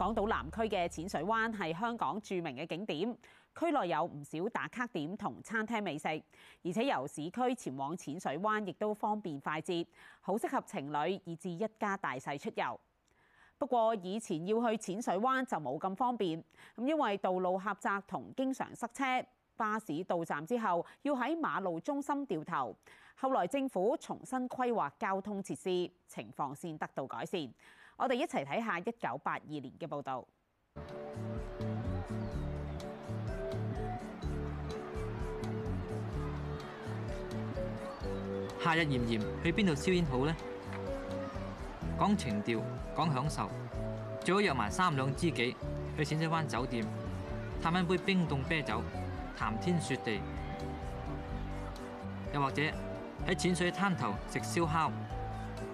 港島南區嘅淺水灣係香港著名嘅景點，區內有唔少打卡點同餐廳美食，而且由市區前往淺水灣亦都方便快捷，好適合情侶以至一家大細出遊。不過以前要去淺水灣就冇咁方便，咁因為道路狹窄同經常塞車，巴士到站之後要喺馬路中心掉頭。後來政府重新規劃交通設施，情況先得到改善。我哋一齊睇下一九八二年嘅報導。夏日炎炎，去邊度消遣好呢？講情調，講享受，最好約埋三兩知己去淺水灣酒店，歎一杯冰凍啤酒，談天說地；又或者喺淺水嘅灘頭食燒烤，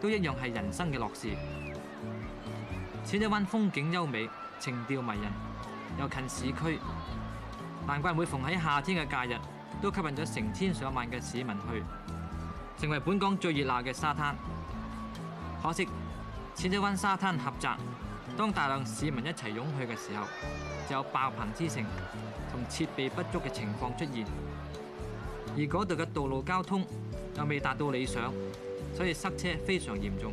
都一樣係人生嘅樂事。淺水灣風景優美、情調迷人，又近市區，難怪每逢喺夏天嘅假日，都吸引咗成千上萬嘅市民去，成為本港最熱鬧嘅沙灘。可惜淺水灣沙灘狹窄，當大量市民一齊湧去嘅時候，就有爆棚之盛同設備不足嘅情況出現。而嗰度嘅道路交通又未達到理想，所以塞車非常嚴重。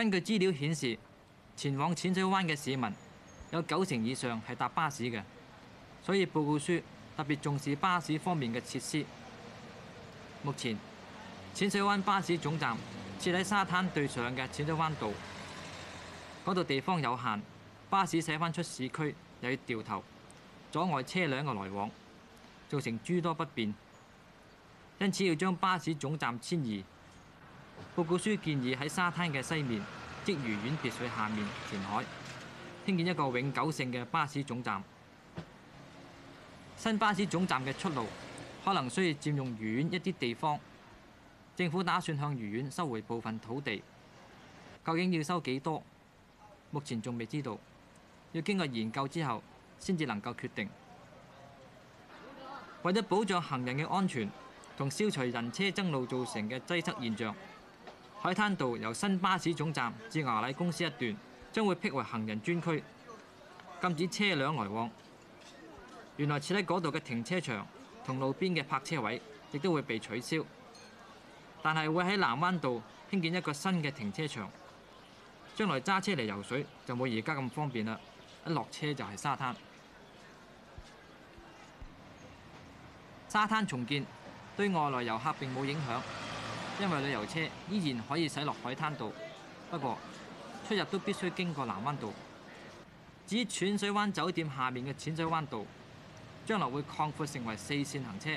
根據資料顯示，前往淺水灣嘅市民有九成以上係搭巴士嘅，所以報告書特別重視巴士方面嘅設施。目前，淺水灣巴士總站設喺沙灘對上嘅淺水灣道，嗰度地方有限，巴士駛返出市區又要掉頭，阻礙車輛嘅來往，造成諸多不便，因此要將巴士總站遷移。報告書建議喺沙灘嘅西面，即漁苑別墅下面填海，興建一個永久性嘅巴士總站。新巴士總站嘅出路可能需要佔用漁苑一啲地方，政府打算向漁苑收回部分土地。究竟要收幾多？目前仲未知道，要經過研究之後先至能夠決定。為咗保障行人嘅安全，同消除人車爭路造成嘅擠塞現象，海灘道由新巴士總站至牙禮公司一段將會闢為行人專區，禁止車輛來往。原來設喺嗰度嘅停車場同路邊嘅泊車位亦都會被取消，但係會喺南灣道興建一個新嘅停車場。將來揸車嚟游水就冇而家咁方便啦！一落車就係沙灘。沙灘重建對外來遊客並冇影響。因為旅遊車依然可以駛落海灘道，不過出入都必須經過南灣道。至於淺水灣酒店下面嘅淺水灣道，將來會擴闊成為四線行車。